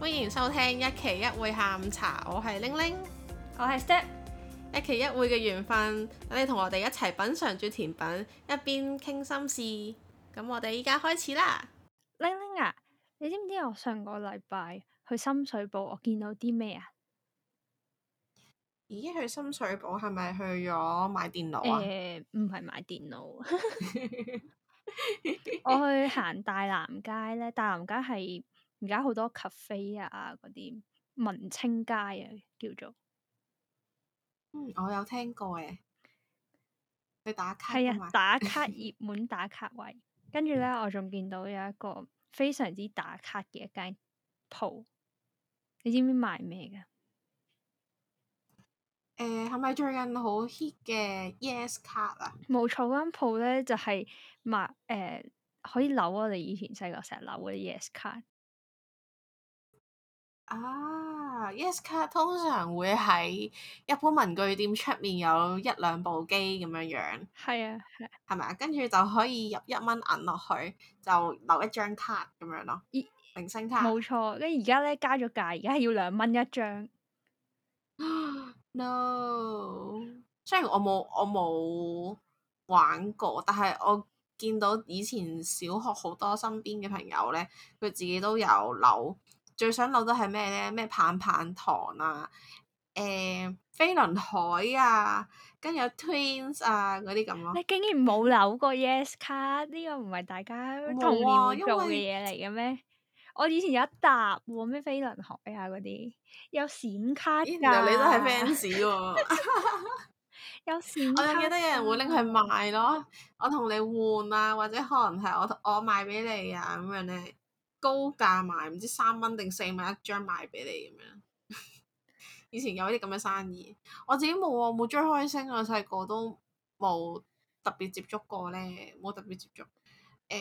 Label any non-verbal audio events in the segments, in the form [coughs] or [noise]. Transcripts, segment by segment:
歡迎收聽一期一會下午茶，我係玲玲，我係 Step，一期一會嘅緣分，等你同我哋一齊品嘗住甜品，一邊傾心事。咁我哋依家開始啦，玲玲啊，你知唔知我上個禮拜去深水埗，我見到啲咩啊？咦，去深水埗，係咪去咗買電腦啊？欸，唔係買電腦。 [laughs] [laughs] [laughs] 我去行大南街咧，大南街係而家好多 cafe 啊，嗰啲文青街啊，叫做。嗯，我有聽過嘅。 [laughs] 去打卡。係啊，打卡熱門打卡位。跟住 [laughs] 呢，我仲見到有一個非常之打卡嘅一間鋪，你知唔知賣咩噶？誒，係咪、呃、最近好 hit 嘅 Yes 卡啊？冇錯，嗰間鋪咧就係賣誒可以扭我哋以前細個成日扭嗰啲 Yes 卡啊。Yes 卡通常會喺一般文具店出面有一兩部機咁樣樣。係啊係係咪啊？啊跟住就可以入一蚊銀落去，就留一張卡咁樣咯。咦明星卡。冇錯，跟住而家咧加咗價，而家係要兩蚊一張。 [coughs] no，雖然我冇我冇玩過，但係我見到以前小學好多身邊嘅朋友咧，佢自己都有扭。最想扭都係咩咧？咩棒棒堂啊，誒、呃、飛輪海啊，跟住有 twins 啊嗰啲咁咯。你竟然冇扭過 yes 卡？呢個唔係大家童年做嘅嘢嚟嘅咩？我以前有一沓喎，咩飛輪海啊嗰啲，有閃卡原來、欸、你都係 fans 喎、哦， [laughs] [laughs] 有閃卡。我記得有人會拎去賣咯，我同你換啊，或者可能係我我賣俾你啊咁樣呢，高價賣，唔知三蚊定四蚊一張賣俾你咁樣。 [laughs] 以前有啲咁嘅生意，我自己冇啊，冇追開星，我細個都冇特別接觸過呢，冇特別接觸。誒、呃，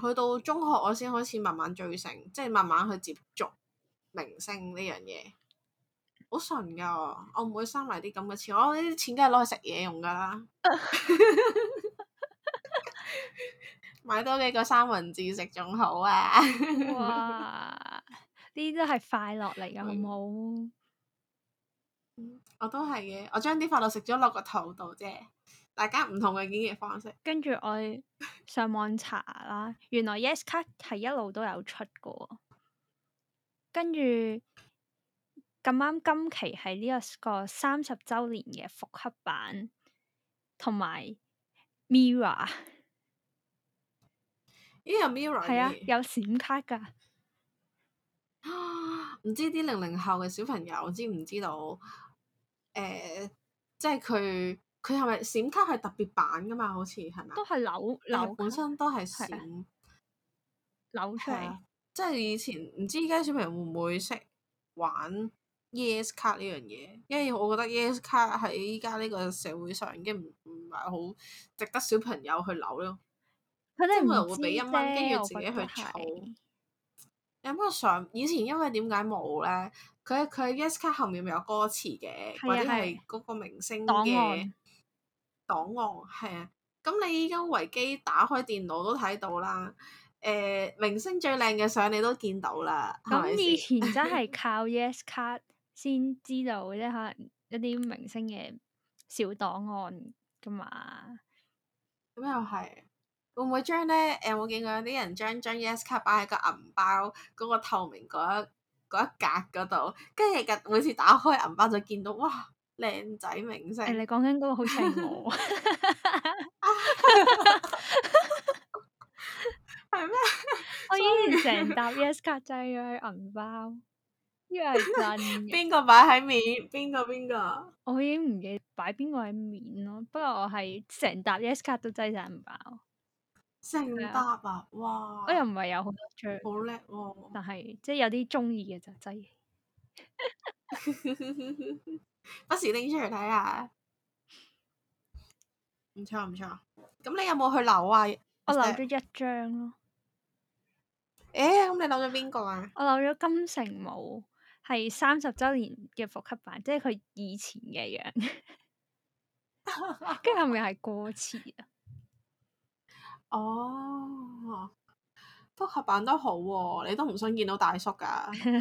去到中學我先開始慢慢追星，即係慢慢去接觸明星呢樣嘢。好純噶，我唔會收埋啲咁嘅錢，我呢啲錢梗係攞去食嘢用噶啦。 [laughs] [laughs] 買多幾個三文治食仲好啊！ [laughs] 哇，呢啲都係快樂嚟噶，嗯、好冇？我都係嘅，我將啲快樂食咗落個肚度啫。大家唔同嘅演繹方式。跟住我。上網查啦，原來 Yes 卡係一路都有出過，跟住咁啱今期係呢一個三十週年嘅復刻版，同埋 Mirror，咦有 Mirror？係啊，有閃卡㗎，唔 [laughs] 知啲零零後嘅小朋友知唔知道？誒、呃，即係佢。佢係咪閃卡係特別版噶嘛？好似係咪都係扭扭，本身都係閃扭飛嗎去、啊，即係以前唔知依家小朋友會唔會識玩 Yes 卡呢樣嘢？因為我覺得 Yes 卡喺依家呢個社會上已經唔唔係好值得小朋友去扭咯。佢係可能會俾一蚊，跟住自己去儲，有冇想以前因為點解冇咧？佢佢 Yes 卡後面咪有歌詞嘅，或者係嗰個明星嘅。檔案係啊，咁你依家維基打開電腦都睇到啦，誒、呃，明星最靚嘅相你都見到啦。咁、嗯、以前真係靠 yes 卡先知道呢，即可能一啲明星嘅小檔案噶嘛。咁又係，會唔會將咧？誒，我見過有啲人將張 yes 卡擺喺個銀包嗰、嗰個透明嗰一一格嗰度，跟住日日每次打開銀包就見到哇。靚仔明星、哎，你講緊嗰個好似我，係咩？我依然成沓 yes 卡擠咗喺銀包，依個係真嘅。邊個擺喺面？邊個邊個？我已經唔記得擺邊個喺面咯。不過我係成沓 yes 卡都擠晒銀包，成沓啊！哇！我又唔係有好多張，好叻哦。但係即係有啲中意嘅就擠。 [laughs] 不時拎出嚟睇下，唔錯唔錯。咁你有冇去留啊？我留咗一張咯。誒、欸，咁你留咗邊個啊？我留咗金城武，係三十周年嘅複刻版，即係佢以前嘅樣。跟住係咪係歌詞啊？ [laughs] 哦，複刻版都好喎，啊，你都唔想見到大叔噶，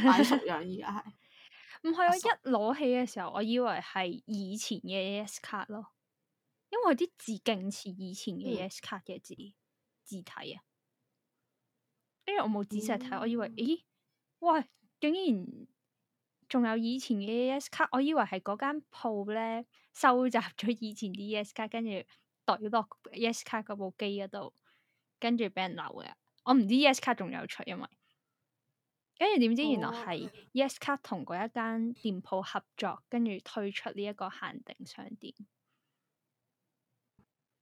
大叔樣而家係。 [laughs] 唔係啊！我一攞起嘅時候，我以為係以前嘅 ES 卡咯，因為啲字勁似以前嘅 ES 卡嘅字、嗯、字體啊。因為我冇仔細睇，嗯、我以為咦，喂，竟然仲有以前嘅 ES 卡？我以為係嗰間鋪咧收集咗以前啲 ES 卡，跟住懟落 ES 卡嗰部機嗰度，跟住俾人鬧嘅。我唔知 ES 卡仲有出，因為。跟住點知原來係 Yes 卡同嗰一間店鋪合作，跟住推出呢一個限定商店。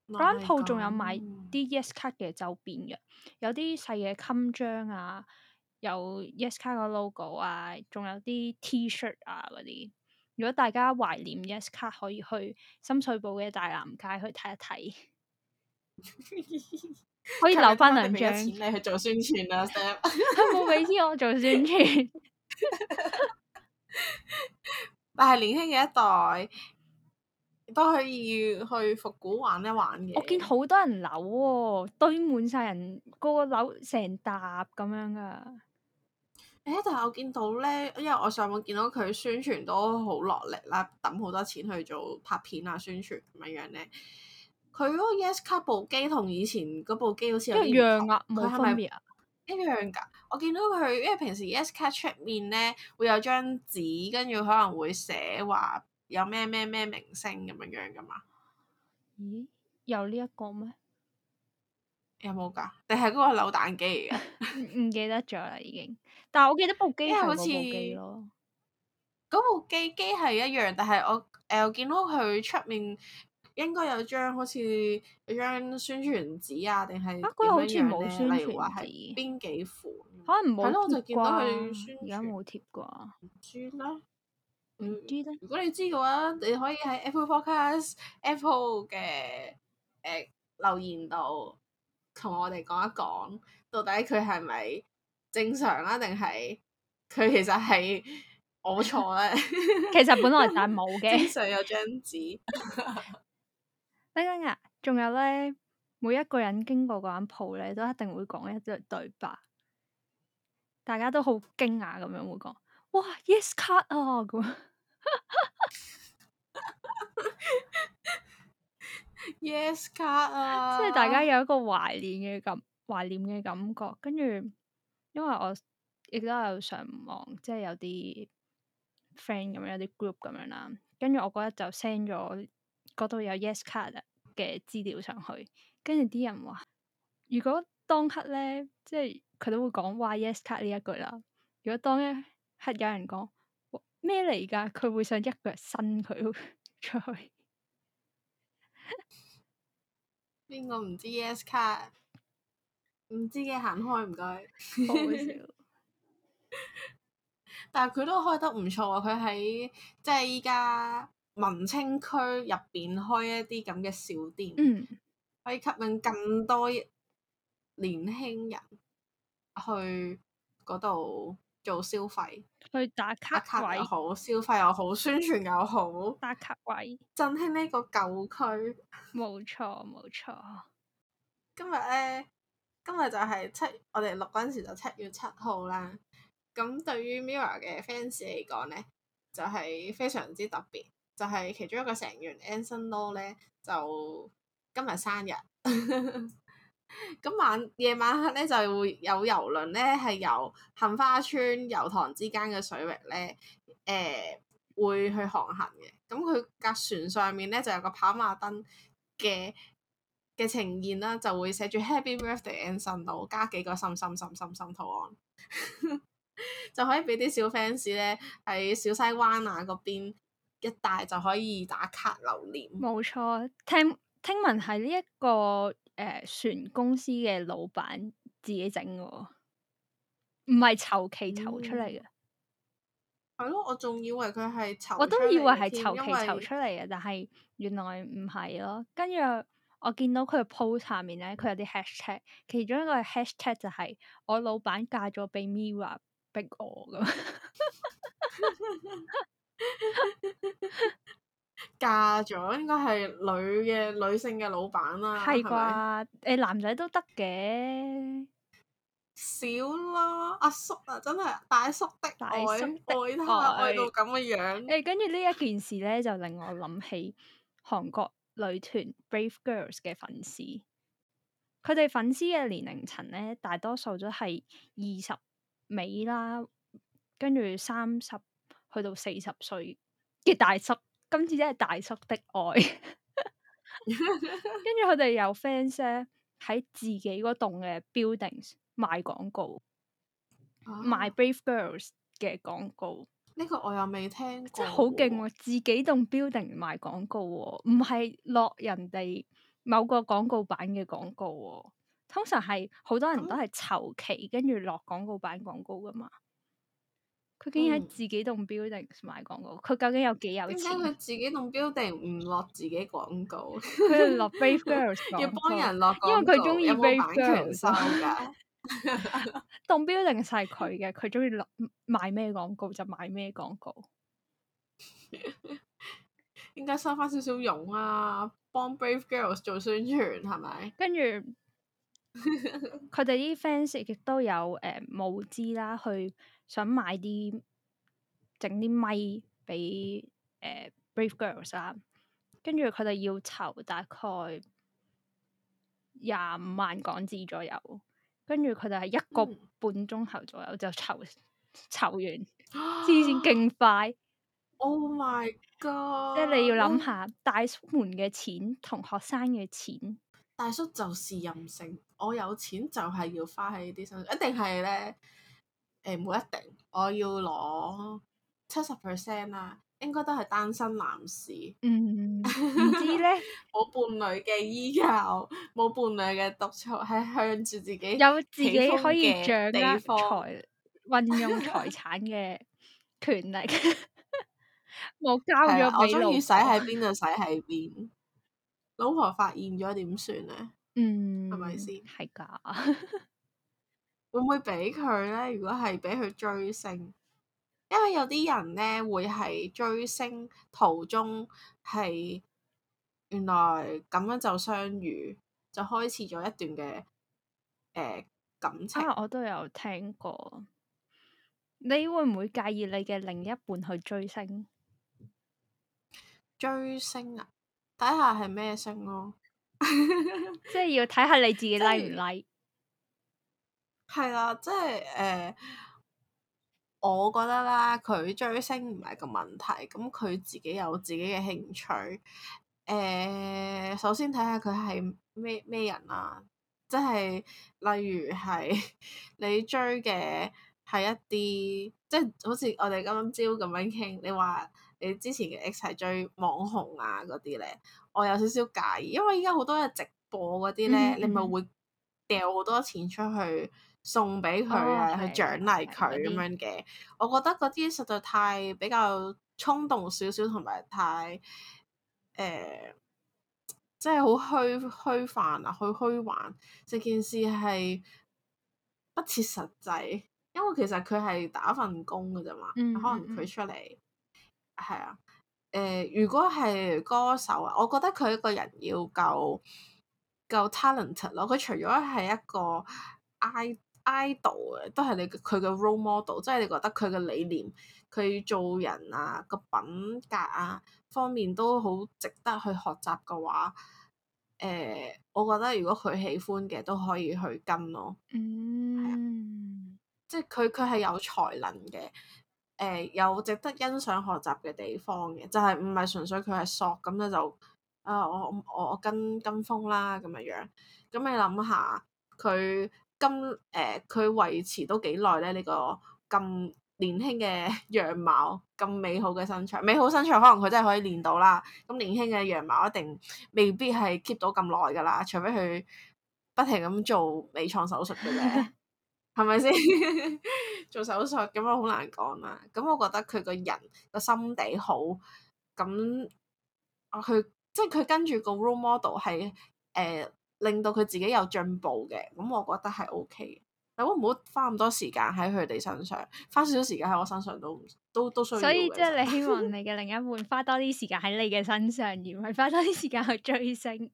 嗰間鋪仲有賣啲 Yes 卡嘅周邊嘅，有啲細嘅襟章啊，有 Yes 卡個 logo 啊，仲有啲 T-shirt 啊嗰啲。如果大家懷念 Yes 卡，可以去深水埗嘅大南街去睇一睇。 [laughs] 可以留翻兩張。你錢你去做宣傳啊。Sam 佢冇俾錢我做宣傳。但係年輕嘅一代都可以去復古玩一玩嘅。我見好多人扭，哦，堆滿晒人，個個扭成沓咁樣噶。誒、欸，但係我見到咧，因為我上網見到佢宣傳都好落力啦，抌好多錢去做拍片啊、宣傳咁樣樣咧。佢嗰個 Yes 卡部機同以前嗰部機好似一樣，樣啊，冇分別啊，是是一樣噶。我見到佢，因為平時 Yes 卡出面呢會有張紙，跟住可能會寫話有咩咩咩明星咁樣樣噶嘛。咦？有呢一個咩？有冇噶？定係嗰個扭蛋機嚟嘅？唔 [laughs] 記得咗啦，已經。但係我記得部機係好似嗰部機機係一樣，但係我誒、呃，我見到佢出面。應該有張好似嗰張宣傳紙啊，定係啊，佢好似冇宣傳紙，例如話係邊幾款？可能冇。係咯，我就見到佢宣傳。而家冇貼啩？唔了、嗯、知啦，唔知咧。如果你知嘅話，你可以喺 App Apple Podcast Apple 嘅誒留言度同我哋講一講，到底佢係咪正常啦、啊，定係佢其實係我錯咧？ [laughs] [laughs] 其實本來就冇嘅。正常有張紙。 [laughs] 等等啊！仲有咧，每一個人經過嗰間鋪咧，都一定會講一句對白，大家都好驚訝咁樣會講，哇！Yes 卡啊！咁啊！Yes 卡啊！ [laughs] [laughs] yes, 啊即係大家有一個懷念嘅感，懷念嘅感覺。跟住，因為我亦都有上網，即係有啲 friend 咁樣，有啲 group 咁樣啦。跟住我嗰日就 send 咗。嗰度有 Yes 卡嘅資料上去，跟住啲人話：如果當刻呢，即係佢都會講話 Yes 卡呢一句啦。如果當一刻有人講咩嚟噶，佢會想一腳伸佢出去。邊個唔知 Yes 卡？唔知嘅行開唔該，但係佢都開得唔錯啊！佢喺即係而家。文青區入邊開一啲咁嘅小店，嗯、可以吸引更多年輕人去嗰度做消費，去打卡位打卡好，消費又好，宣傳又好，打卡位振興個舊區 [laughs] 呢個舊區。冇錯冇錯，今日咧，今日就係七，我哋錄嗰陣時就七月七號啦。咁對於 MIRROR 嘅 fans 嚟講咧，就係、是、非常之特別。就係其中一個成員 Anson Law 咧，就今日生日，咁 [laughs] 晚夜晚黑咧就會有遊輪咧係由杏花村油塘之間嘅水域咧，誒、呃、會去航行嘅，咁佢架船上面咧就有個跑馬燈嘅嘅呈現啦，就會寫住 Happy Birthday Anson Law 加幾個心心心心心圖案， [laughs] 就可以俾啲小 fans 咧喺小西灣啊嗰邊，一帶就可以打卡留念。冇錯，聽聽聞係呢一個誒、呃、船公司嘅老闆自己整嘅，唔係籌期籌出嚟嘅。係咯，我仲以為佢係，我都以為係籌期籌出嚟嘅，但係原來唔係咯。跟住我見到佢 post 下面呢，佢有啲 hashtag，其中一個 hashtag 就係、是、我老闆嫁咗俾 Mira 逼我咁。 [laughs] [laughs] [laughs] 嫁咗應該係女嘅女性嘅老闆啦，係啩吧？誒， [laughs] 男仔都得嘅，少啦。阿叔啊，真係大叔的愛，大叔的愛他愛，愛到咁嘅樣，樣。誒、欸，跟住呢一件事咧，就令我諗起韓國女團 Brave Girls 嘅粉絲，佢哋粉絲嘅年齡層咧，大多數都係二十尾啦，跟住三十。去到四十歲嘅大叔，今次真係大叔的愛。 [laughs] [laughs] 跟住佢哋有 fans 咧喺自己嗰棟嘅 buildings 賣廣告，賣、啊、Brave Girls 嘅廣告。呢個我又未聽過，真係好勁喎！自己棟 building 賣廣告喎、啊，唔係落人哋某個廣告版嘅廣告喎、啊。通常係好多人都係籌期，跟住落廣告版廣告噶嘛。佢竟然喺自己棟 building 買廣告，佢究竟有幾有錢？點解佢自己棟 building 唔落自己廣告，佢係落 Brave Girls？要幫人落廣告，因為佢中意 Brave Girls 噶。棟 building 係佢嘅，佢中意落賣咩廣告就賣咩廣告。應該收翻少少佣啊！幫 Brave Girls 做宣傳係咪？跟住。佢哋啲 fans 亦都有誒募資啦，去想買啲整啲咪俾誒、呃、Brave Girls 啦。跟住佢哋要籌大概廿五萬港紙左右，跟住佢哋係一個半鐘頭左右就籌籌、嗯、完，黐線勁快。Oh my god！即係你要諗下大叔們嘅錢同學生嘅錢。大叔就是任性，我有錢就係要花喺呢啲身上，一定係咧。誒、欸，冇一定，我要攞七十 percent 啦，應該都係單身男士。唔、嗯、知咧，冇 [laughs] 伴侶嘅依靠，冇伴侶嘅督促，係向住自己有自己可以掌握、啊、財運用財產嘅權力。 [laughs] [laughs] 我交約、啊、我中意使喺邊就使喺邊。老婆發現咗點算呢？嗯，係咪先？係噶，會唔會俾佢呢？如果係俾佢追星，因為有啲人呢會係追星途中係原來咁樣就相遇，就開始咗一段嘅誒、呃、感情。因啊，我都有聽過。你會唔會介意你嘅另一半去追星？追星啊！睇下係咩星咯，看看 [laughs] 即係要睇下你自己 like 唔 like。係啦， [noise] 即係誒、呃，我覺得啦，佢追星唔係個問題，咁佢自己有自己嘅興趣。誒、呃，首先睇下佢係咩咩人啦、啊，即係例如係你追嘅係一啲，即係好似我哋今朝咁樣傾，你話。你之前嘅 X 係追網紅啊嗰啲咧，我有少少介意，因為依家好多人直播嗰啲咧，嗯、你咪會掉好多錢出去送俾佢啊，哦、去獎勵佢咁樣嘅。我覺得嗰啲實在太比較衝動少少，同埋太誒，即係好虛虛泛啊，去、就、虛、是、幻，成件事係不切實際。因為其實佢係打份工㗎啫嘛，嗯、可能佢出嚟。嗯嗯係啊，誒、呃，如果係歌手啊，我覺得佢一個人要夠夠 talent 咯。佢除咗係一個 id idol 嘅，都係你佢嘅 role model，即係你覺得佢嘅理念、佢做人啊、個品格啊方面都好值得去學習嘅話，誒、呃，我覺得如果佢喜歡嘅都可以去跟咯。嗯，係啊、即係佢佢係有才能嘅。誒、呃、有值得欣賞學習嘅地方嘅，就係唔係純粹佢係索咁咧，就啊、呃、我我跟跟風啦咁樣樣，咁你諗下佢金誒佢維持都幾耐咧？呢個咁年輕嘅樣貌，咁美好嘅身材，美好身材可能佢真係可以練到啦。咁年輕嘅樣貌一定未必係 keep 到咁耐㗎啦，除非佢不停咁做美創手術嘅啫。 [laughs] 係咪先做手術咁我好難講啊。咁、嗯、我覺得佢個人個心地好，咁、嗯、佢即係佢跟住個 role model 係誒、呃，令到佢自己有進步嘅。咁、嗯、我覺得係 OK 嘅。你會唔會花咁多時間喺佢哋身上，花少少時間喺我身上都都都需要。所以即係你希望你嘅另一半 [laughs] 花多啲時間喺你嘅身上，而唔係花多啲時間去追星。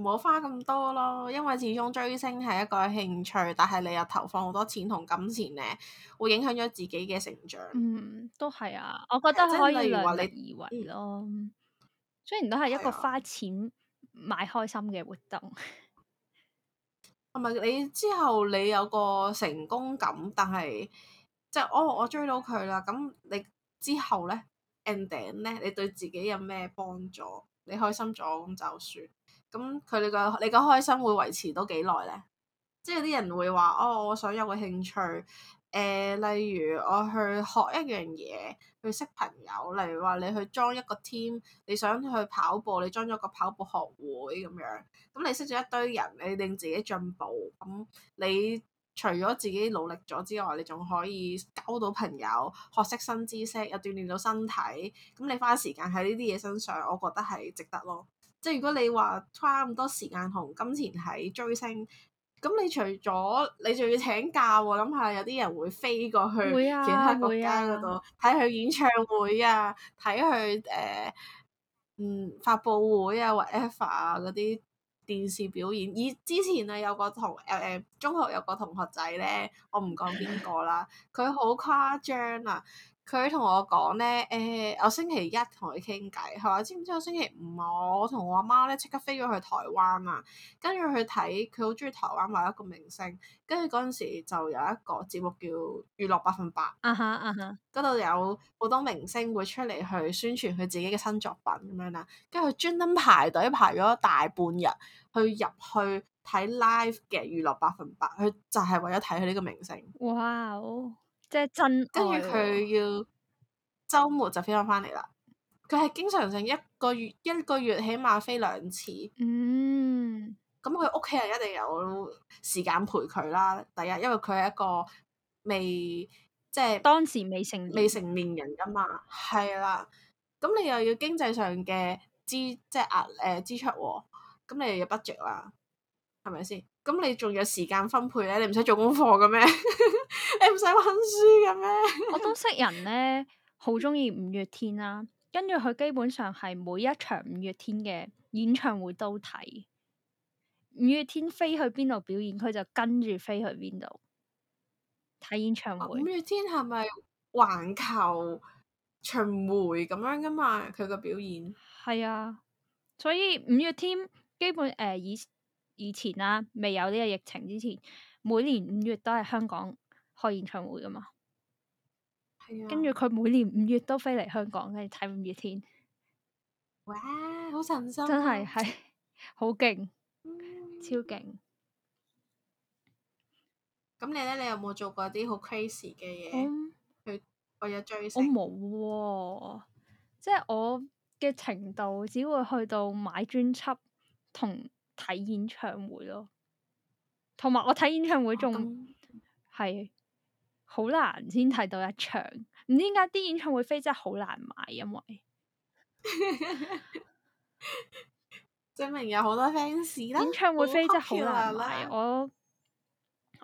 唔好花咁多咯，因為始終追星係一個興趣，但係你又投放好多錢同金錢咧，會影響咗自己嘅成長。嗯，都係啊，我覺得可以量力而為咯。雖然都係一個花錢買開心嘅活動，同埋、啊、你之後你有個成功感，但係即係我我追到佢啦。咁你之後咧 ending 咧，你對自己有咩幫助？你開心咗咁就算。咁佢哋嘅你個開心會維持到幾耐呢？即係有啲人會話哦，我想有個興趣，誒、呃，例如我去學一樣嘢，去識朋友，例如話你去裝一個 team，你想去跑步，你裝咗個跑步學會咁樣，咁你識咗一堆人，你令自己進步，咁你除咗自己努力咗之外，你仲可以交到朋友，學識新知識，又鍛煉到身體，咁你花時間喺呢啲嘢身上，我覺得係值得咯。即係如果你話花咁多時間同金錢喺追星，咁你除咗你仲要請假，諗下有啲人會飛過去其他國家嗰度睇佢演唱會啊，睇佢誒嗯發布會啊或者啊嗰啲電視表演。以之前啊有個同誒、呃、中學有個同學仔咧，我唔講邊個啦，佢好誇張啊！佢同我講咧，誒、欸，我星期一同佢傾偈，佢話知唔知我星期五、啊、我同我阿媽咧即刻飛咗去台灣啊，跟住去睇，佢好中意台灣某一個明星，跟住嗰陣時就有一個節目叫《娛樂百分百》，啊哈啊哈，嗰、huh, 度、uh huh. 有好多明星會出嚟去宣傳佢自己嘅新作品咁樣啦，跟住佢專登排隊排咗大半日去入去睇 live 嘅《娛樂百分百》，佢就係為咗睇佢呢個明星。哇、wow. 即係真、啊，跟住佢要周末就飛翻翻嚟啦。佢係經常性一個月一個月起碼飛兩次。嗯，咁佢屋企人一定有時間陪佢啦。第一，因為佢係一個未即係當時未成未成年人噶嘛。係啦，咁你又要經濟上嘅支即係壓誒支出喎、喔，咁你又要 budget 啦，係咪先？咁你仲有時間分配呢？你唔使做功課嘅咩？ [laughs] 你唔使温書嘅咩？ [laughs] 我都識人呢，好鍾意五月天啦、啊。跟住佢基本上係每一場五月天嘅演唱會都睇。五月天飛去邊度表演，佢就跟住飛去邊度睇演唱會。五月天係咪環球巡迴咁樣噶嘛？佢個表演係啊，所以五月天基本誒、呃、以。以前啦、啊，未有呢個疫情之前，每年五月都係香港開演唱會噶嘛。啊、跟住佢每年五月都飛嚟香港，跟住睇五月天。哇！好神心、啊。真係係好勁，嗯、超勁。咁你呢？你有冇做過啲好 crazy 嘅嘢去為咗追星？我冇喎、啊，即係我嘅程度只會去到買專輯同。睇演唱會咯，同埋我睇演唱會仲係好冷難先睇到一場，唔知點解啲演唱會飛真係好難買，因為 [laughs] 證明有好多 fans 啦。演唱會飛真係好難買，我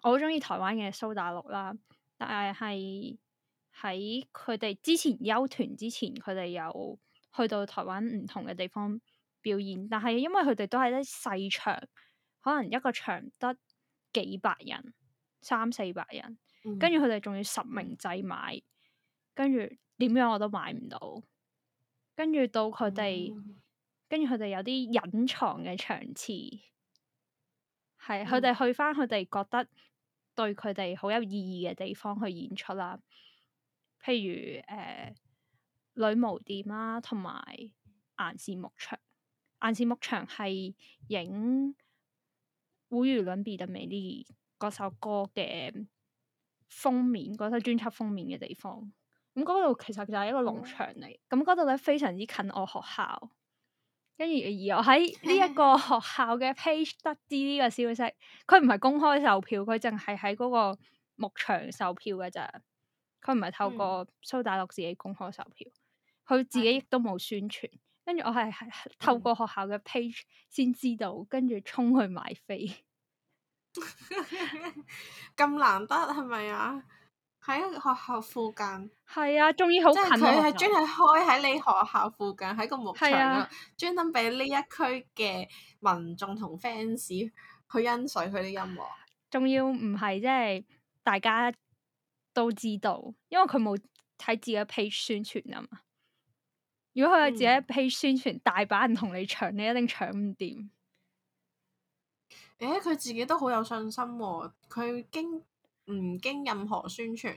我好鍾意台灣嘅蘇打綠啦，但係喺佢哋之前休團之前，佢哋有去到台灣唔同嘅地方。表演，但係因為佢哋都係啲細場，可能一個場得幾百人，三四百人，跟住佢哋仲要實名制買，跟住點樣我都買唔到。跟住到佢哋，跟住佢哋有啲隱藏嘅場次，係佢哋去翻佢哋覺得對佢哋好有意義嘅地方去演出啦。譬如誒、呃、女巫店啦同埋顏線木場。眼線牧場係影無與倫比的美麗嗰首歌嘅封面，嗰首專輯封面嘅地方。咁嗰度其實就係一個農場嚟，咁嗰度咧非常之近我學校。跟住而我喺呢一個學校嘅 page 得知呢個消息，佢唔係公開售票，佢淨係喺嗰個牧場售票噶咋。佢唔係透過蘇打綠自己公開售票，佢、嗯、自己亦都冇宣傳。跟住我係係透過學校嘅 page 先知道，跟住、嗯、衝去買飛。咁 [laughs] 難得係咪啊？喺學校附近。係啊，仲要好近。佢係專係開喺你學校附近，喺個木場，啊、專登俾呢一區嘅民眾同 fans 去欣賞佢啲音樂。仲要唔係即係大家都知道，因為佢冇睇自己嘅 page 宣傳啊嘛。如果佢有自己一批宣傳，嗯、大把人同你搶，你一定搶唔掂。誒，佢自己都好有信心喎、啊。佢經唔經任何宣傳，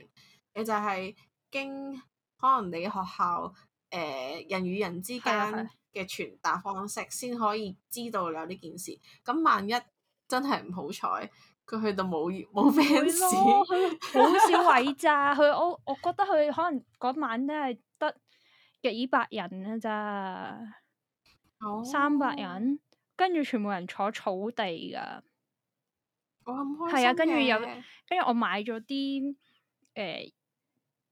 你就係經可能你學校誒、呃、人與人之間嘅傳達方式，先可以知道有呢件事。咁萬一真係唔好彩，佢去到冇冇 fans，好少位咋？佢 [laughs] 我我覺得佢可能嗰晚都係。幾百人啊，咋？三百人，嗯、跟住全部人坐草地噶。Oh, 啊啊、我好開心啊！係啊，跟住有，跟住我買咗啲誒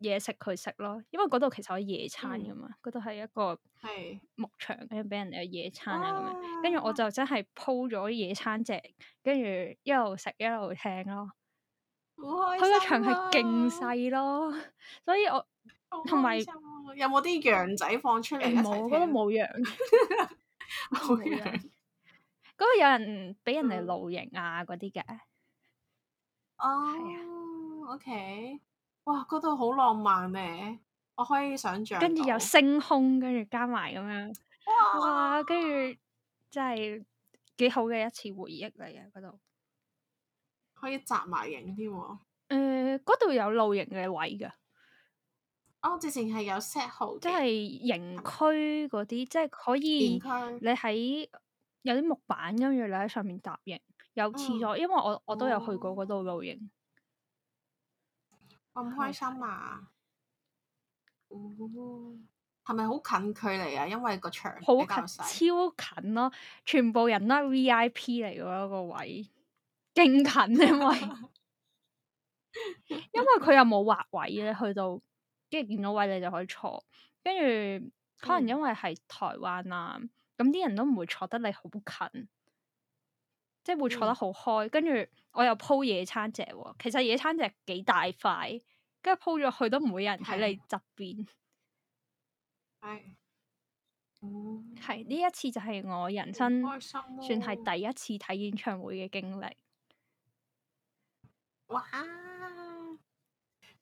嘢食佢食咯，因為嗰度其實可以野餐噶嘛，嗰度係一個牧場，跟住俾人哋野餐啊咁樣。跟住我就真係鋪咗野餐席，跟住一路食一路聽咯。佢個場係勁細咯，所以我同埋。有有冇啲羊仔放出嚟？冇，嗰度冇羊，冇 [laughs] [laughs] 羊。嗰度 [laughs] 有人俾人哋露營啊，嗰啲嘅。哦、嗯 oh, 啊、OK，哇，嗰度好浪漫呢、啊！我可以想象。跟住有星空，跟住加埋咁樣，啊、哇！跟住真係幾好嘅一次回憶嚟嘅嗰度，可以紮埋營添喎。嗰度、嗯、有露營嘅位噶。哦，直情係有 set 號，即係營區嗰啲，嗎即係可以你喺有啲木板跟住你喺上面搭營，嗯、有廁所。因為我我都有去過嗰度露營，唔、哦、開心啊！唉哦，係咪好近距離啊？因為個場好近，超近咯、啊！全部人都 V I P 嚟噶、一、嗰個位，勁近， [laughs] 因為因為佢又冇劃位咧，去到。跟住見到位你就可以坐，跟住可能因為係台灣啊，咁啲、嗯、人都唔會坐得你好近，即係會坐得好開。跟住、嗯、我又鋪野餐席、哦，其實野餐席幾大塊，跟住鋪咗去都唔會有人喺你側邊。係。呢、嗯、一次就係我人生算係第一次睇演唱會嘅經歷。哇！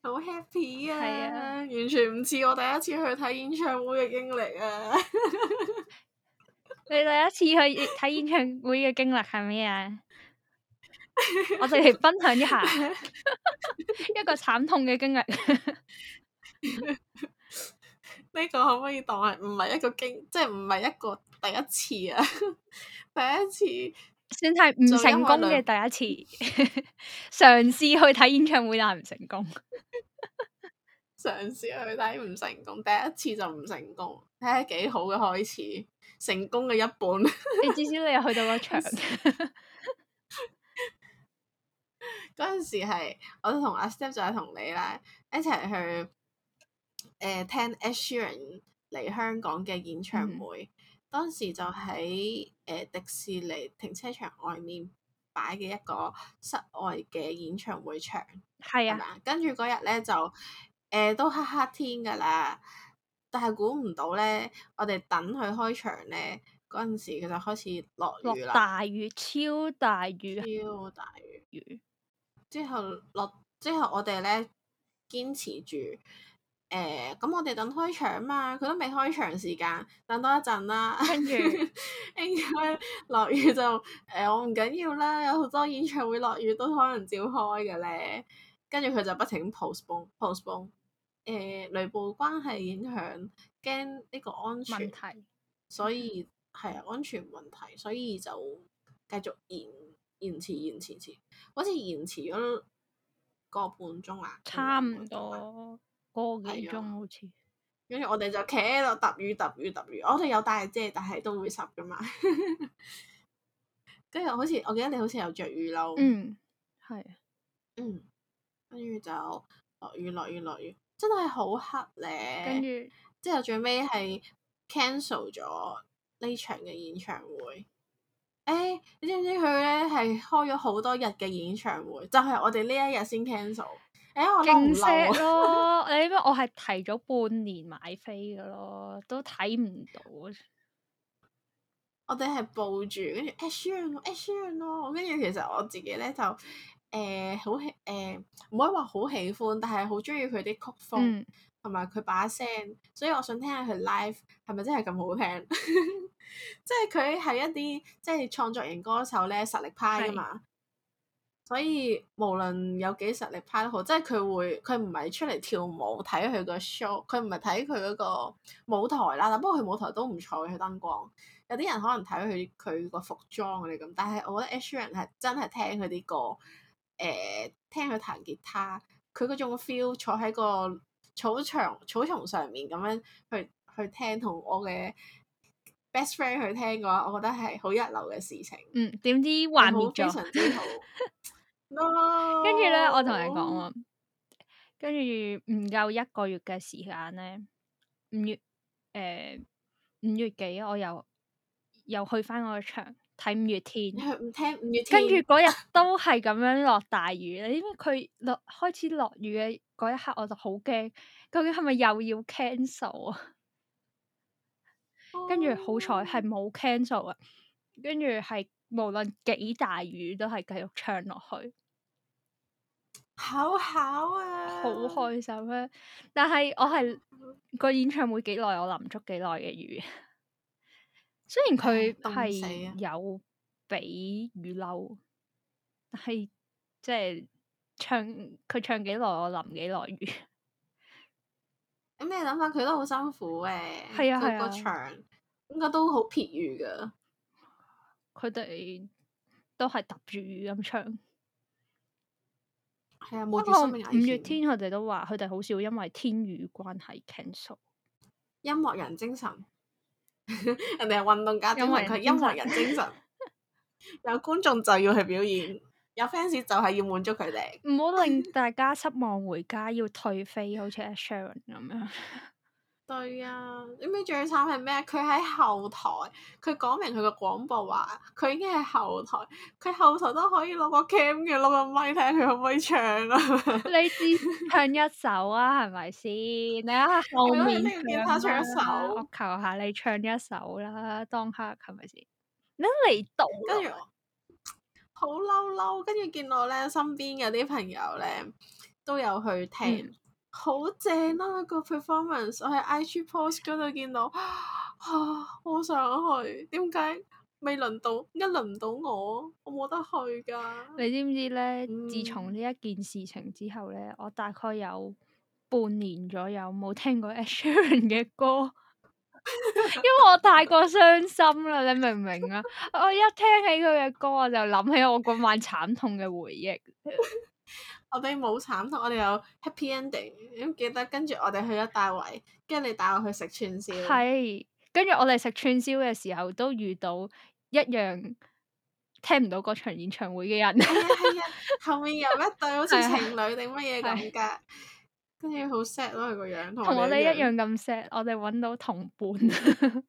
好 happy 啊！係啊，完全唔似我第一次去睇演唱會嘅經歷啊！ [laughs] 你第一次去睇演唱會嘅經歷係咩啊？ [laughs] 我哋嚟分享一下 [laughs] 一個慘痛嘅經歷。呢 [laughs] [laughs] 個可唔可以當係唔係一個經，即係唔係一個第一次啊？第一次。算係唔成功嘅第一次嘗試 [laughs] 去睇演唱會，但係唔成功。嘗試去睇唔成功，第一次就唔成功，睇下幾好嘅開始，成功嘅一半。 [laughs] 你至少你有去到個場。嗰陣時係我同阿 Step 再同你啦一齊去誒、呃、聽 Asher 嚟香港嘅演唱會。嗯當時就喺誒、呃、迪士尼停車場外面擺嘅一個室外嘅演唱會場，係啊，跟住嗰日咧就誒、呃、都黑黑天㗎喇，但係估唔到咧，我哋等佢開場咧嗰陣時，佢就開始落雨啦，大雨，超大雨，超大雨。之後落之後，後我哋咧堅持住。誒，咁、呃、我哋等開場嘛，佢都未開場時間，等多一陣啦。跟住，跟住落雨就誒、呃，我唔緊要,要啦，有好多演唱會落雨都可能照開嘅咧。跟住佢就不停 postpon postpone，誒、呃，雷暴關係影響，驚呢個安全問題，所以係啊，安全問題，所以就繼續延延遲延遲遲，好似延遲咗個半鐘啊，差唔多。多幾鐘的好似像，跟住我哋就企喺度揼雨揼雨揼雨，我哋有帶遮，但係都會濕㗎嘛。跟 [laughs] 住好似我記得你好似有着雨褸。嗯，係，嗯，跟住就落雨落雨落雨，真係好黑咧。跟住著之後最尾係 cancel 咗呢場嘅演唱會。唉、欸，你知唔知佢咧係開咗好多日嘅演唱會，就係、是、我哋呢一日先 cancel。我勁 sad 咯！你咩、欸？我係、啊、 [laughs] 提咗半年買飛噶咯，都睇唔到。我哋係報住，跟住哎選咯，哎選咯，跟住其實我自己呢，就誒好誒，唔、呃呃、可以話好喜歡，但係好中意佢啲曲風同埋佢把聲，所以我想聽下佢 live 係咪真係咁好聽？即係佢係一啲即係創作型歌手呢，實力派噶嘛。所以無論有幾實力拍得好，即係佢會佢唔係出嚟跳舞睇佢個 show，佢唔係睇佢嗰個舞台啦。不過佢舞台都唔錯嘅，佢燈光有啲人可能睇佢佢個服裝嗰啲咁，但係我覺得 Ed Sheeran 係真係聽佢啲歌，誒、呃、聽佢彈吉他，佢嗰種 feel 坐喺個草場草叢上面咁樣去去聽，同我嘅 best friend 去聽嘅話，我覺得係好一流嘅事情。嗯，點知有有非常之好。 [laughs] No! 跟住呢，我同你講啊，oh. 跟住唔夠一個月嘅時間呢，五月誒、呃，五月幾我又又去返嗰場睇五月天，五月 [laughs] 天。跟住嗰日都係咁樣落大雨，你知唔知佢落開始落雨嘅嗰一刻，我就好驚，究竟係咪又要 cancel 啊、 [laughs] oh.？跟住好彩係冇 cancel 啊，跟住係。無論幾大雨都係繼續唱落去，好巧啊！好開心啊！但係我係，嗰個演唱會幾耐，我淋足幾耐嘅雨。雖然佢係有俾雨褸，但係即係唱佢唱幾耐，我淋幾耐雨。咁你諗下，佢都好辛苦嘅。係啊係啊， [laughs] 啊啊個場應該都好撇雨㗎。佢哋都係揼住雨咁唱，係啊！不過五月天佢哋都話，佢哋好少因為天雨關係 cancel。音樂人精神， [laughs] 人哋係運動家，因為佢音樂人精神。 [laughs] 有觀眾就要去表演，有 fans 就係要滿足佢哋，唔好令大家失望回家要退飛，好似阿 Sharon 咁樣。對啊，你唔知最慘係咩？佢喺後台，佢講明佢個廣播話，佢已經係後台，佢後台都可以攞個 cam 嘅，攞個麥聽佢可唔可以唱啊？你自唱一首啊，係咪先？你一啊，後面要見他唱一首，啊啊，我求下你唱一首啦，啊，當刻，係咪先？你都嚟到，跟住好嬲嬲，跟住見到咧，身邊有啲朋友咧都有去聽。嗯好正啦、啊那個 performance！我喺 IG post 嗰度見到，啊好想去，點解未輪到，一輪唔到我，我冇得去噶。你知唔知呢？嗯、自從呢一件事情之後呢，我大概有半年左右冇聽過 Asheron 嘅歌， [laughs] [laughs] 因為我太過傷心啦，你明唔明啊？ [laughs] 我一聽起佢嘅歌，我就諗起我嗰晚慘痛嘅回憶。 [laughs] 我哋冇慘痛，我哋有 happy ending。咁記得跟住我哋去咗大圍，跟住你帶我去食串燒。係跟住我哋食串燒嘅時候，都遇到一樣聽唔到嗰場演唱會嘅人。係啊係啊 [laughs] 後面有一對好似情侶定乜嘢咁嘅，跟住好 sad 咯，佢個樣同我哋一樣咁 sad。我哋揾到同伴，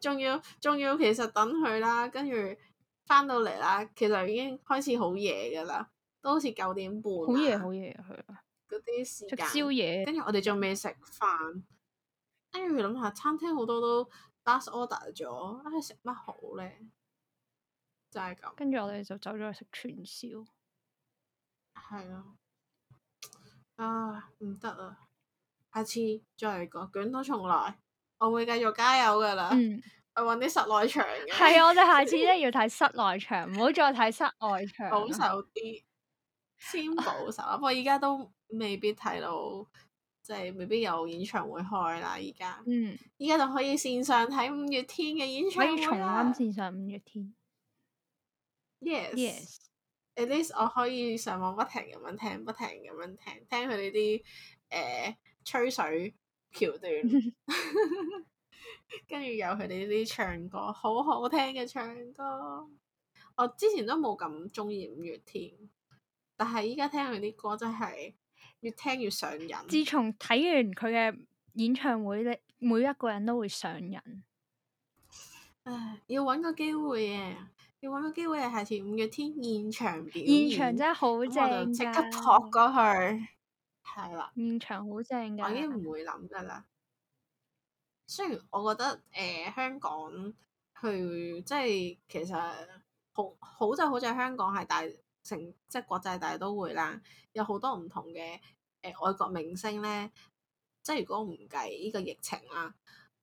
仲要仲要，要其實等佢啦，跟住翻到嚟啦，其實已經開始好夜噶啦。都好似九點半，好夜好夜去啊！嗰啲宵夜。跟住我哋仲未食飯，跟住佢諗下餐廳好多都 last order 咗，唉食乜好呢？就係、是、咁。跟住我哋就走咗去食串燒，係咯、 [laughs] 啊，啊唔得啊！下次再嚟講，捲土重來，我會繼續加油噶啦。嗯。我揾啲室內場嘅。係啊！我哋下次一定 [laughs] 要睇室內場，唔好再睇室外場，保守啲。先保守啦，不過依家都未必睇到，即係未必有演唱會開啦。依家，嗯，依家就可以綫上睇五月天嘅演唱會啦。綫上五月天，yes yes，at least，我可以上網不停咁樣聽，不停咁樣聽，聽佢哋啲誒吹水橋段，跟 [laughs] 住 [laughs] [laughs] 有佢哋啲唱歌，好好聽嘅唱歌。我之前都冇咁中意五月天。但係而家聽佢啲歌真係越聽越上癮。自從睇完佢嘅演唱會咧，每一個人都會上癮。唉、呃，要搵個機會嘅，要搵個機會係下次五月天現場表演，現場真係好正，即刻撲過去。係啦，現場好正噶，了我已經唔會諗噶啦。雖然我覺得誒、呃，香港去即係其實好好就好在香港係，大。成即係國際大都會啦，有好多唔同嘅，誒、呃、外國明星咧，即係如果唔計呢個疫情啦、啊，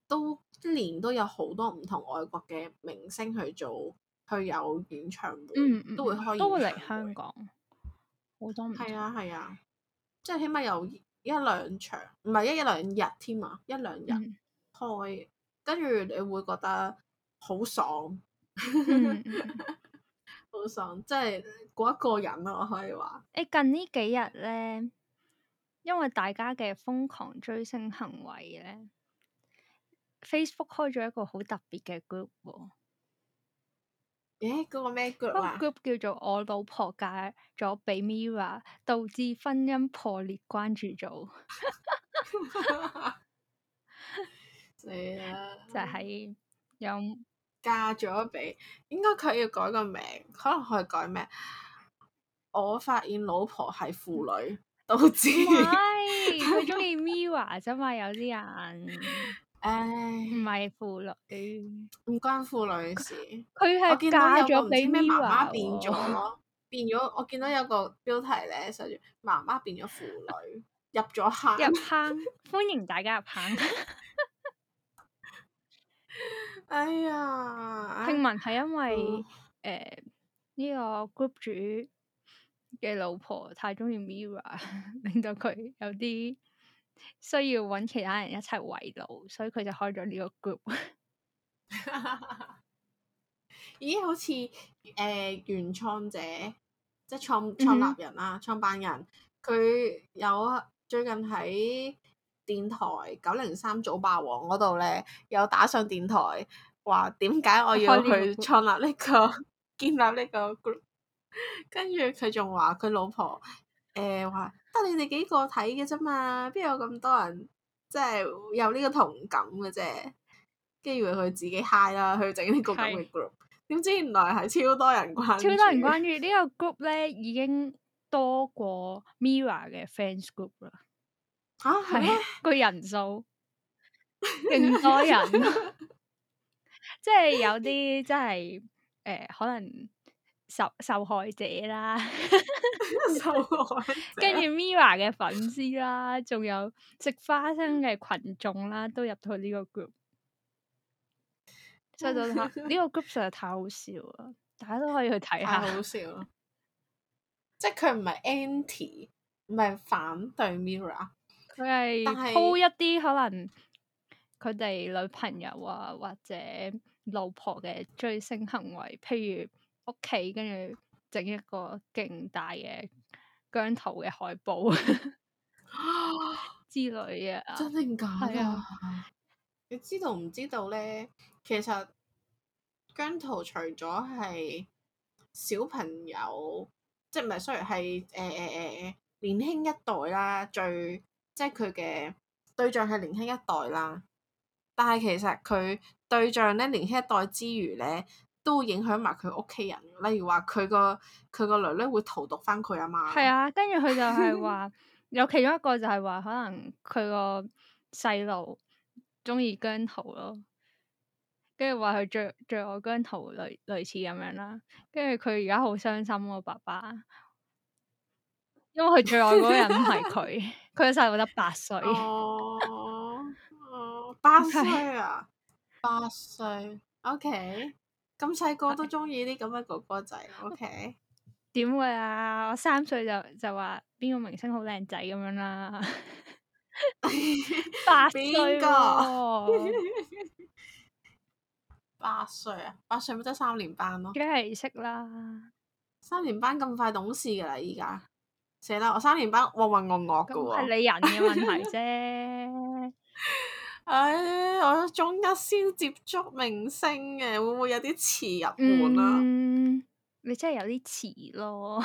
都年都有好多唔同外國嘅明星去做，去有演唱會，嗯嗯、都會開會都會嚟香港。好多係啊係啊，即係起碼有一兩場，唔係一一兩日添啊，一兩日，日開，跟住，嗯、你會覺得好爽、嗯。嗯嗯 [laughs] 好爽，即係嗰一個人咯、啊，我可以話。誒，近幾呢幾日咧，因為大家嘅瘋狂追星行為咧，Facebook 開咗一個好特別嘅 group 喎、哦。誒、欸，嗰、嗰個咩 group 嗰啊？group 叫做我老婆嫁咗俾 Mirror，導致婚姻破裂關注組。死啦！就喺有。嫁咗俾，應該佢要改個名，可能佢改咩？我發現老婆係婦女，都知。佢中意 Mirror 啫嘛，有啲人。唉、哎，唔係婦女，唔、哎、關婦女事。佢係嫁咗俾 Mirror。我見到有個唔知咩媽媽變咗， [laughs] 變咗。我見到有個標題咧，寫住媽媽變咗婦女， [laughs] 入咗坑，入坑，歡迎大家入坑。 [laughs] 哎呀！聽聞係因為誒呢、哦呃呢個 group 主嘅老婆太鍾意 Mirror， [laughs] 令到佢有啲需要揾其他人一齊圍爐，所以佢就開咗呢個 group。 [laughs] [laughs] 咦？好似誒、呃、原創者，即係創創立人啊，嗯、哼創辦人，佢有最近喺～電台九零三早霸王嗰度咧，有打上電台，話點解我要我去創立呢個建立呢個 group？跟住佢仲話佢老婆，誒話得你哋幾個睇嘅啫嘛，邊有咁多人即係有呢個同感嘅啫？跟住以為佢自己嗨啦，去整呢個咁嘅 group，點知原來係超多人關超多人關注呢個 group 咧，已經多過 Mirror 嘅 fans group 啦。啊，係個嗎人數，勁多人， [laughs] 即係有啲真係誒、呃，可能受受害者啦， [laughs] 受害，跟住 Mira 嘅粉絲啦，仲 [laughs] 有食花生嘅群眾啦，都入到去呢個 group。呢 [laughs] 個 group 實在太好笑啦，大家都可以去睇下，太好笑， [laughs] 即係佢唔係 anti，唔係反對 Mira。佢係 po 一啲是可能佢哋女朋友啊或者老婆嘅追星行為，譬如屋企跟住整一個勁大嘅姜濤嘅海報是 [laughs] 之類嘅的，真定假噶？是你知道唔知道呢？其實姜濤除咗係小朋友，即係唔係 sorry，係誒誒誒年輕一代啦最。即係佢嘅對象係年輕一代啦，但係其實佢對象咧年輕一代之餘呢，都影響埋佢屋企人。例如話佢個佢個女女會荼毒翻佢啊嘛。係啊，跟住佢就係話 [laughs] 有其中一個就係話可能佢個細路中意姜濤咯，跟住話佢最最愛姜濤，類類似咁樣啦。跟住佢而家好傷心喎，爸爸，因為佢最愛嗰個人唔係佢。 [laughs] 佢嘅細路得八歲，八歲啊， [laughs] 八歲，O K，咁細個都鍾意啲咁嘅哥哥仔，O K，點會啊？我三歲就就話邊個明星好靚仔咁樣啦， [laughs] [laughs] 八歲邊、啊、 [laughs] 誰 [laughs] 八歲啊，八歲咪得三年班咯、啊，梗係識啦，三年班咁快懂事噶啦，而家。死啦！我三年班渾渾噩噩噶喎，咁係、哦、你人嘅問題啫。唉、 [laughs] 哎，我中一先接觸明星嘅，會唔會有啲遲入門啦、啊嗯？你真係有啲遲咯。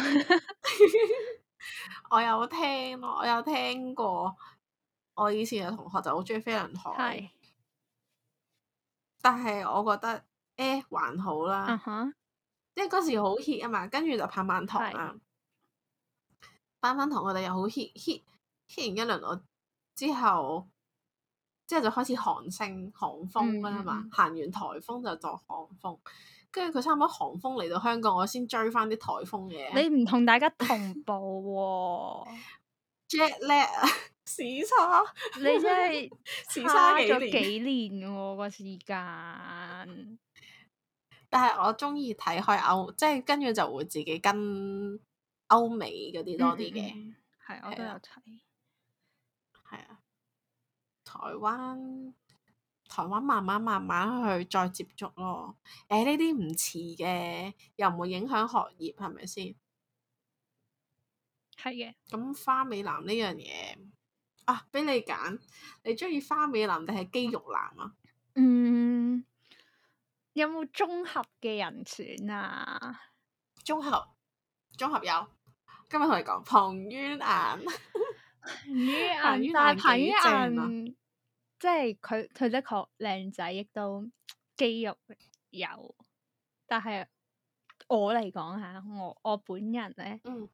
[laughs] [laughs] 我有聽咯，我有聽過。我以前嘅同學就好中意飛輪海，是但係我覺得唉、欸，還好啦，即係嗰時好 hit 啊嘛，跟住就棒棒堂啊。翻翻同佢哋又好 hit hit hit 完一輪，我之後之後就開始韓星韓風啦嘛，行、嗯、完台風就作韓風，跟住佢差唔多韓風嚟到香港，我先追翻啲台風嘅。你唔同大家同步喎、哦、 [laughs] ，Jet lag 啊 [laughs] 使錯，時差！你真係時差咗幾年喎個 [laughs] 時間。但係我中意睇開歐，即、就、係、是、跟住就會自己跟。歐美嗰啲多啲嘅，係、嗯、我都有睇，係啊，台灣台灣慢慢慢慢去再接觸咯。唉、欸，呢啲唔似嘅，又唔會影響學業，係咪先？係嘅的。咁花美男呢樣嘢啊，俾你揀，你鍾意花美男定係肌肉男啊？嗯，有冇綜合嘅人選啊？綜合，綜合有。今日同你講彭于晏，彭于晏， [laughs] 但係彭于晏、啊、即係佢，佢的確靚仔，亦都肌肉有。但係我嚟講下，我我，我本人呢，嗯，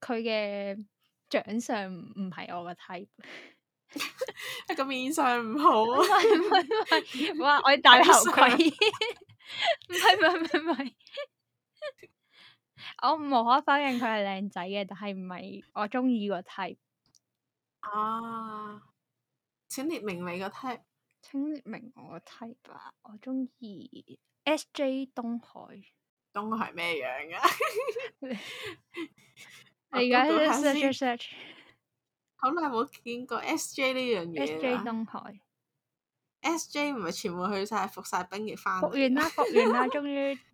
佢嘅長相唔係我個 type，個面相唔好、啊，唔係唔係，我我戴頭盔，唔係唔係唔係。 [laughs] 我無可否認佢係靚仔嘅，但係唔係我中意個 type 啊！請列明你個 type。請列明你個 type，請列明我個 type 啊，我中意 S J 東海。東海咩樣㗎？我而家 search 下先。好耐冇見過 S J 呢樣嘢啦。S J 東海。S, S, [laughs] S, S J 唔係全部去晒服晒兵役翻。服完啦！服完啦！終於。 [laughs]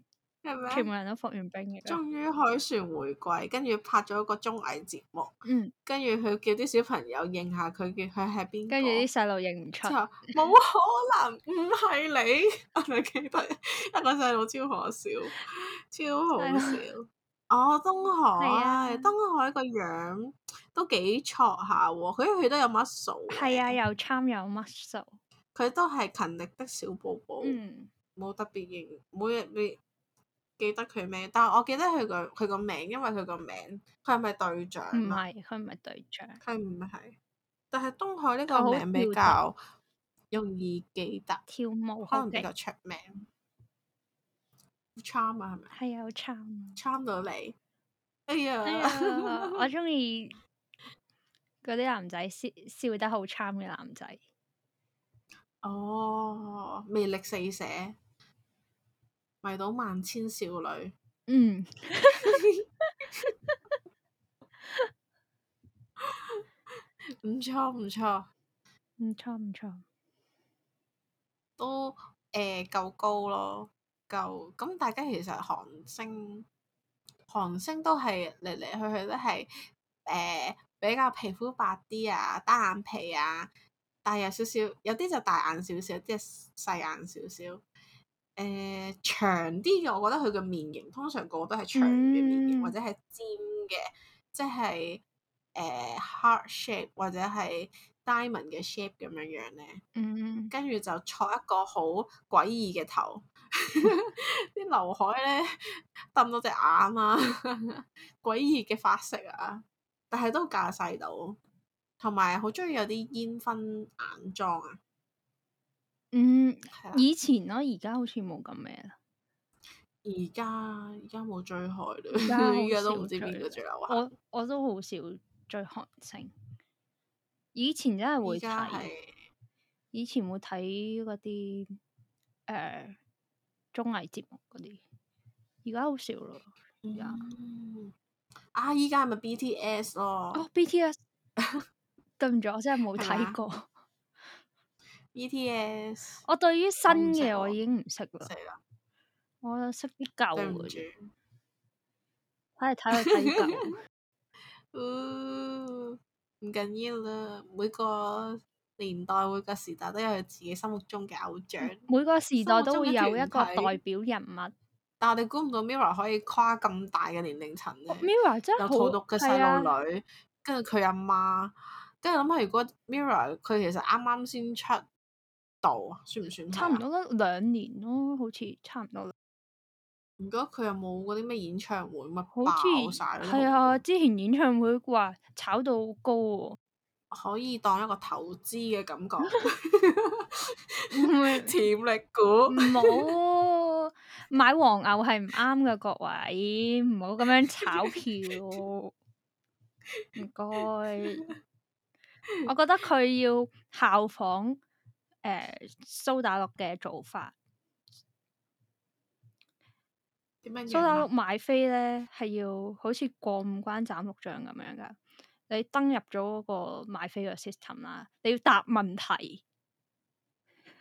係咪全部人都服完兵嘅？終於凱旋回歸，跟住拍咗一個綜藝節目，嗯、跟住佢叫啲小朋友認下佢，叫佢係邊，跟住啲細路認唔出，冇說可能唔係 [laughs] 是你， [laughs] 我哋記得一個細路超可笑，超好笑。 [laughs] 哦，東海，啊、東海個樣都幾挫下喎，佢佢都有 muscle？係啊，又參又 muscle？佢都係勤力的小寶寶，冇、嗯、特別認，每日每。記得佢咩？但係我記得佢個佢個名，因為佢、啊、個名，佢係咪隊長？唔係，佢唔係隊長。佢唔係，但係東海呢個名比較容易記得，跳舞可能比較出名。好 charm 啊？係咪？係啊，好 charm，charm 到你。哎呀， [laughs] 哎呀我中意嗰啲男仔笑笑得好 charm 嘅男仔。哦，魅力四射。迷倒萬千少女，嗯，唔錯唔錯，唔錯唔錯，錯錯都唉、呃，夠高咯，夠。咁大家其實韓星，韓星都係嚟嚟去去都係唉、呃，比較皮膚白啲啊，單眼皮啊，但係有少少，有啲就大眼少少，有啲就細眼少少。誒、呃、長啲嘅，我覺得佢嘅面型通常個個都係長嘅面型，mm hmm. 或者係尖嘅，即係誒、呃、heart shape 或者係 diamond 嘅 shape 咁樣樣咧。嗯、mm，跟、hmm. 住就挫一個好詭異嘅頭，啲 [laughs] 劉海咧揼到隻眼啊， [laughs] 詭異嘅髮色啊，但係都架勢到，同埋好中意有啲煙燻眼妝啊！嗯，啊、以前咯，而家好似冇咁咩啦。而家而家冇追開啦，而家 [laughs] 都唔知邊個追啦。我我都好少追韓星，以前真係會睇，以前會睇嗰啲誒綜藝節目嗰啲，而家好少咯。而家、嗯、啊，依家係咪 BTS 咯？哦，BTS， [laughs] [laughs] 對唔住，我真係冇睇過。e t s 我對於新嘅我，我，我已經唔識啦，了我就識啲舊嘅。睇嚟睇去都係舊。唔緊要啦，每個年代，代、每個時代都有佢自己心目中嘅偶像。每個時代都會有一個代表人物。但係我估唔到 Mirror 可以跨咁大嘅年齡層嘅。哦、Mirror 真係好獨嘅細路女，跟住佢阿媽，跟住諗下如果 Mirror 佢其實啱啱先出。算唔算差唔多得兩年咯，好似差唔多。唔覺得佢又冇嗰啲咩演唱會咪好曬像？係啊，之前演唱會話炒到好高、哦、可以當一個投資嘅感覺，咩 [laughs] [laughs] 潛力股？唔 [laughs] 好買黃牛係唔啱嘅，各位唔好咁樣炒票。唔該， [laughs] 我覺得佢要效仿。誒、呃、蘇打綠嘅做法，蘇打綠買飛呢係要好似過五關斬六將咁樣噶。你登入咗嗰個買飛嘅 system 啦，你要答問題，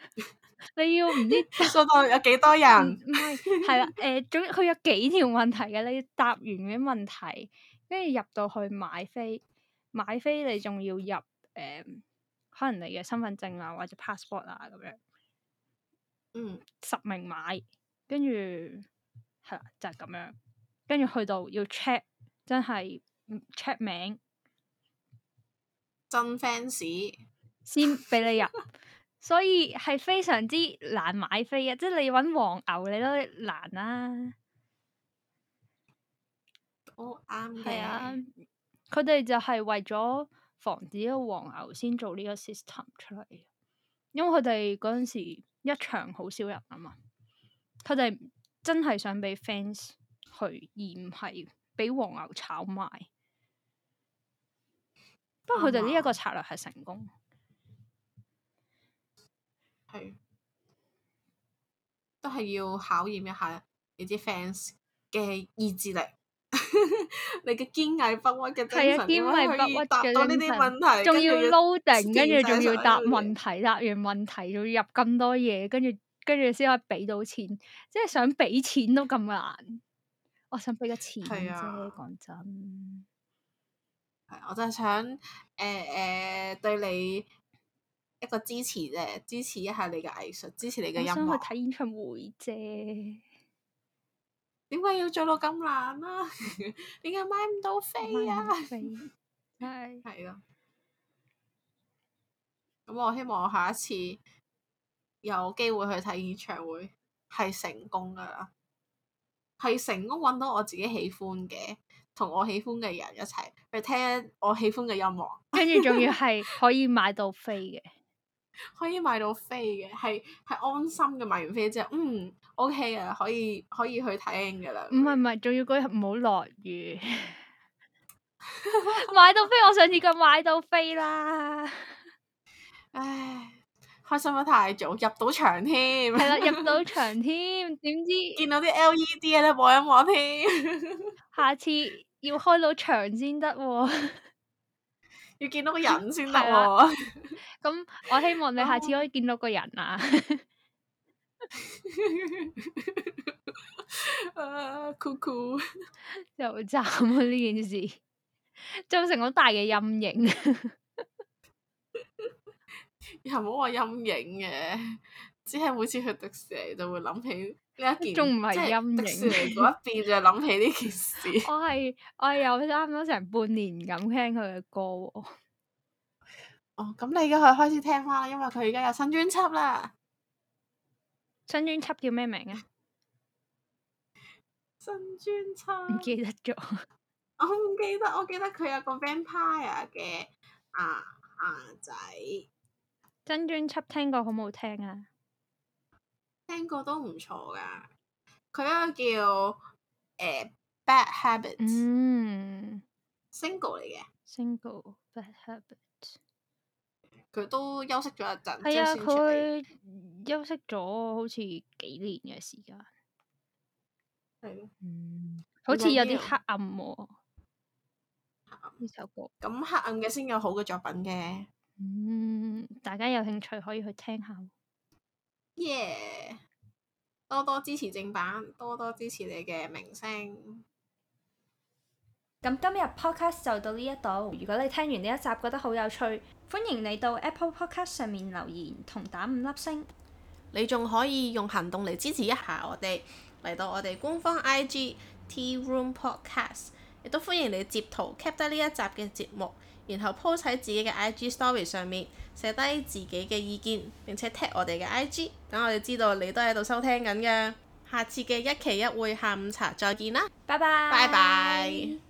[laughs] [laughs] 你要唔知蘇打有幾多人？唔 [laughs] 係、嗯，係啦，誒總之佢有幾條問題嘅，你要答完嗰啲問題，跟住入到去買飛，買飛你仲要入誒。嗯可能你嘅身份證啊，或者 passport 啊咁樣，嗯，實名買，跟住係啦，就係、是、咁樣，跟住去到要 check，真係 check 名，真 fans 先俾你入， [laughs] 所以係非常之難買飛啊！即係你揾黃牛，你都難啦。我啱係啊，佢哋、oh, right 啊、就係為咗。防止啲黃牛先做呢個 system 出嚟，因為佢哋嗰陣時一場好少人啊嘛，佢哋真係想畀 fans 去，而唔係畀黃牛炒賣。不過佢哋呢一個策略係成功、嗯啊，係 [laughs] 都係要考驗一下你啲 fans 嘅意志力。 [laughs] 你嘅堅毅不屈嘅精神，係啊，堅毅不屈嘅精神，仲要撈定，跟住仲要，答，要答問題，答完問題仲要入咁多嘢，跟住跟住先可以俾到錢，即係想俾錢都咁難。我想俾個錢啫，講、啊、真。我就係想誒、呃呃、對你一個支持啫，支持一下你嘅藝術，支持你嘅音樂。我想去睇演唱會啫。點解要做到咁難啊？點 [laughs] 解買唔到飛啊？唉，係咯 [laughs] [laughs] 對，咁我希望我下一次有機會去睇演唱會係成功噶啦，係成功搵到我自己喜歡嘅，同我喜歡嘅人一齊去聽我喜歡嘅音樂，跟住仲要係可以買到飛嘅， [laughs] 可以買到飛嘅係係安心嘅，買完飛之後，嗯。O、okay、K 啊，可以可以去睇 ending 噶啦。唔係唔係，仲要嗰日唔好落雨， [laughs] 買到飛我上次咁買到飛啦。 [laughs] 唉，開心得太早，入到場添。係 [laughs] 啦，入到場添，點知見到啲 L E D 咧播音話添。看看 [laughs] 下次要開到場先得喎， [laughs] 要見到個人先得喎。咁 [laughs] 我希望你下次可以見到個人啊。 [laughs] 啊，酷酷又慘啊！呢件事造成好大嘅陰影， [laughs] [laughs] 又冇話陰影嘅，只係每次去迪士尼就會諗起呢一件，仲唔係陰影嗰一邊就諗起呢件事。 [laughs] 我係我係有差唔多成半年咁聽佢嘅歌，哦，咁、oh, 你而家可以開始聽翻啦，因為佢而家有新專輯啦。新專輯叫咩名啊？新專輯唔記得咗。我唔記得，我記得佢有個《Vampire》嘅啊啊仔。新專輯聽過好唔好聽啊？聽過都唔錯㗎。佢嗰個叫誒、呃《Bad Habits》。嗯。Single 嚟嘅。Single Bad Habits。佢都休息咗一陣，係啊，佢休息咗好似幾年嘅時間，係咯對、嗯，好似有啲黑暗喎、哦，呢暗首歌咁黑暗嘅，先有好嘅作品嘅，嗯，大家有興趣可以去聽下，耶、yeah，多多支持正版，多多支持你嘅明星。咁今日 podcast 就到呢一度。如果你聽完呢一集覺得好有趣，歡迎你到 Apple Podcast 上面留言同打五粒星。你仲可以用行動嚟支持一下我哋，嚟到我哋官方 IG Tea Room Podcast，亦都歡迎你截圖 cap 得呢一集嘅節目，然後 po 喺自己嘅 IG Story 上面寫低自己嘅意見，並且 tag 我哋嘅 IG，等我哋知道你都喺度收聽緊嘅。下次嘅一期一會下午茶，再見啦，拜拜，拜拜。